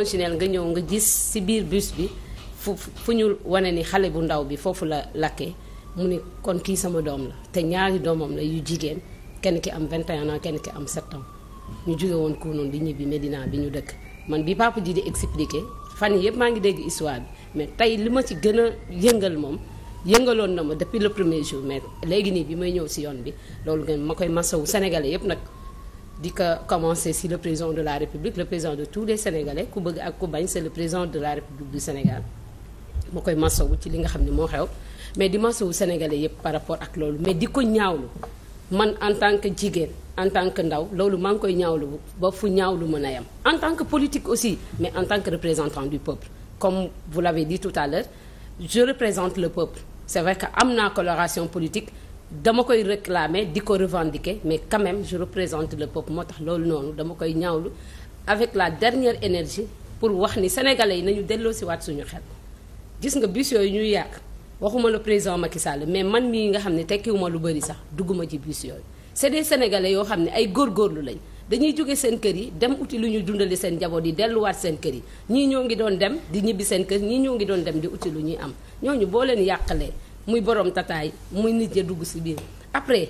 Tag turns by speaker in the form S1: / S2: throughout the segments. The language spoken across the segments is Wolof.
S1: fonctionnel nga ñëw nga gis ci biir bus bi fu fu ñu wane ni xale bu ndaw bi foofu la lakkee mu ni kon kii sama doom la te ñaari doomam la yu jigéen kenn ki am 21 ans kenn ki am 7 ans ñu jóge woon Kounoune di ñibbi Medina bi ñu dëkk man bi papa ji di expliquer fan yii yëpp maa ngi dégg histoire bi mais tey li ma ci gën a yëngal moom yëngaloon na ma depuis le premier jour mais léegi nii bi may ñëw ci yoon bi loolu gën ma koy masawu sénégalais yëpp nag. di ko commencer si le président de la République le président de tous les Sénégalais ku bëgg ak ku bañ c'est le président de la République du Sénégal ma koy masawu ci li nga xam ne moo xew mais di masawu Sénégalais yépp par rapport ak loolu mais di ko ñaawlu man en tant que jigéen en tant que ndaw loolu maa ngi koy ñaawlu ba fu ñaawlu mën a yem en tant que politique aussi mais en tant que représentant du peuple comme vous l'avez dit tout à l'heure le peuple c'est vrai que am naa coloration politique dama koy réclamer di ko revendiquer mais quand même je représente le peuple moo tax loolu noonu dama koy ñaawlu avec la dernière énergie pour wax ni sénégalais yi nañu delloosiwaat suñu xel gis nga bus yooyu ñuy yàq waxuma la président Macky Sall mais man mii nga xam ne tekkiwuma lu bëri sax dugguma ci bus yooyu c'est des sénégalais yoo xam ne ay góorgóorlu lañ dañuy jóge seen kër yi dem uti lu ñu dundali seen njaboot yi delluwaat seen kër yi ñii ñoo ngi doon dem di ñibbi seen kër ñii ñoo ngi doon dem di uti lu ñuy am ñooñu boo leen yàqalee muy borom tataay muy nit ya dugg ci biir après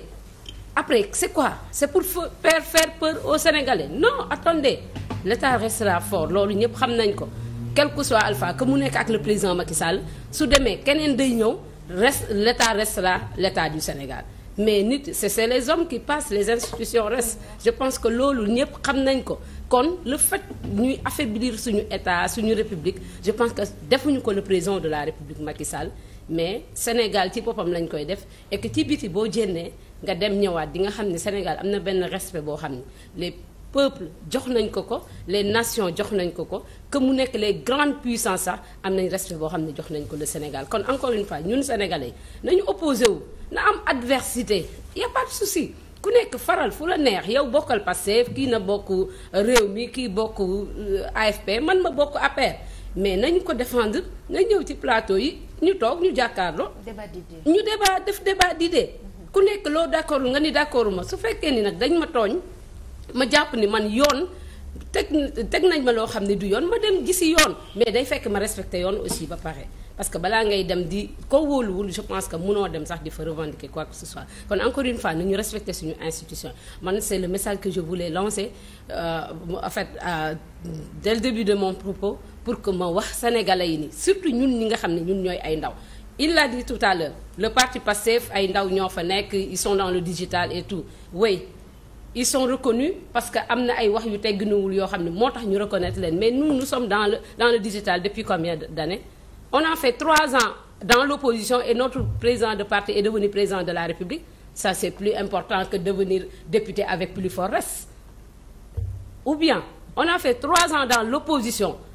S1: après c'est quoi c'est pour faire faire peur aux Sénégalais non attendez l'État restera fort loolu ñëpp xam nañ ko quel que soit Alpha que mu nekk ak le président Macky Sall su demee keneen day ñëw reste l'État restera l'État du Sénégal mais nit c'est c'est les hommes qui passent les institutions restent je pense que loolu ñëpp xam nañ ko kon le fait ñuy affaiblir suñu état suñu république je pense que defuñu ko le président de la république Macky Sall mais Sénégal ci boppam lañ koy def et ci biti boo jénnee nga dem ñëwaat di nga xam ne Sénégal am na benn respect boo xam ne les peuples jox nañ ko ko les nations jox nañ ko ko que mu nekk les grandes puissances sax am nañ respect boo xam ne jox nañ ko le Sénégal kon encore une fois ñun sénégalais nañu opposé wu na am adversité y a pas de souci ku nekk faral fu la neex yow bokkal Pastef kii na bokk réew mi kii bokk euh, AFP man ma bokk APR mais nañ ko défendre nga ñëw ci plateau yi. ñu toog ñu jàkkaarloo. débat d'idée ñu débat def débat d'idée ku nekk loo d'accord nga ni d'accord ma su fekkee ni nag dañ ma tooñ ma jàpp ni man yoon teg teg nañ ma loo xam ne du yoon ma dem gisi yoon mais day fekk ma respecté yoon aussi ba pare parce que balaa ngay dem di ko wóoluwul je pense que mënoo dem sax di fa revendiquer quoi que ce soit kon encore une fois nañu respecter suñu institution man c'est le message que je voulais lancer euh, en fait euh, début de mon propos pour que ma wax sénégalais yi nii surtout ñun ñi nga xam ne ñun ñooy ay ndaw il l'a dit tout à l'heure le parti Pastef ay ndaw ñoo fa nekk ils sont dans le digital et tout oui ils sont reconnus parce que am na ay wax yu tegginuwul yoo xam ne moo tax ñu reconnaître leen mais nous nous sommes dans le dans le digital depuis combien d'années on a fait trois ans dans l'opposition et notre président de parti et devenu président de la République ça c'est plus important que devenir député avec plus bien on a fait trois ans dans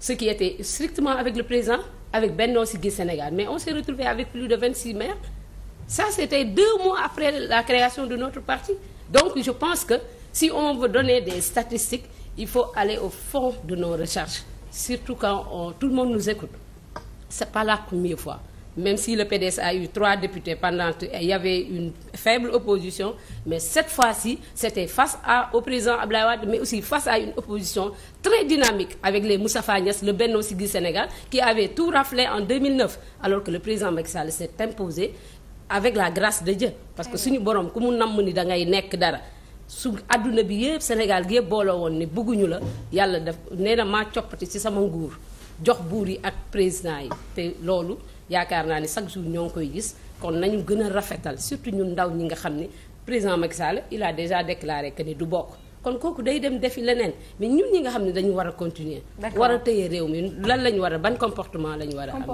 S1: ce qui était strictement avec le président avec Benno Sénégal mais on s'est retrouvé avec plus de 26 maires ça c'était deux mois après création de notre parti donc je pense que si on veut donner des statistiques il faut aller au fond de nos recherches surtout quand on, tout le monde nous écoute c'est pas fois même si le PDS a eu trois députés pendant il y avait une faible opposition mais cette fois-ci c'était face à au président Abdoulaye Wade mais aussi face à une opposition très dynamique avec les Moustapha Niasse le Benno Siggil Sénégal qui avait tout raflé en 2009 alors que le président Macky Sall s'est imposé avec la grâce de Dieu parce que suñu borom ku mu namm ni da ngay nekk dara su àdduna bi yëpp Sénégal gi yëpp booloo woon ne bëgguñu la yàlla def nee na maa coppati ci sama nguur jox buur yi ak président yi te loolu yaakaar naa ni chaque jour ñoo ngi koy gis kon nañu gën a rafetal surtout ñun ndaw ñi nga xam ni président Macky Sall il a déjà déclaré que ni du bokk kon kooku day dem defi leneen mais ñun ñi nga xam ne dañu war a continuer war a téye réew mi lan lañu war a ban comportement lañu war a am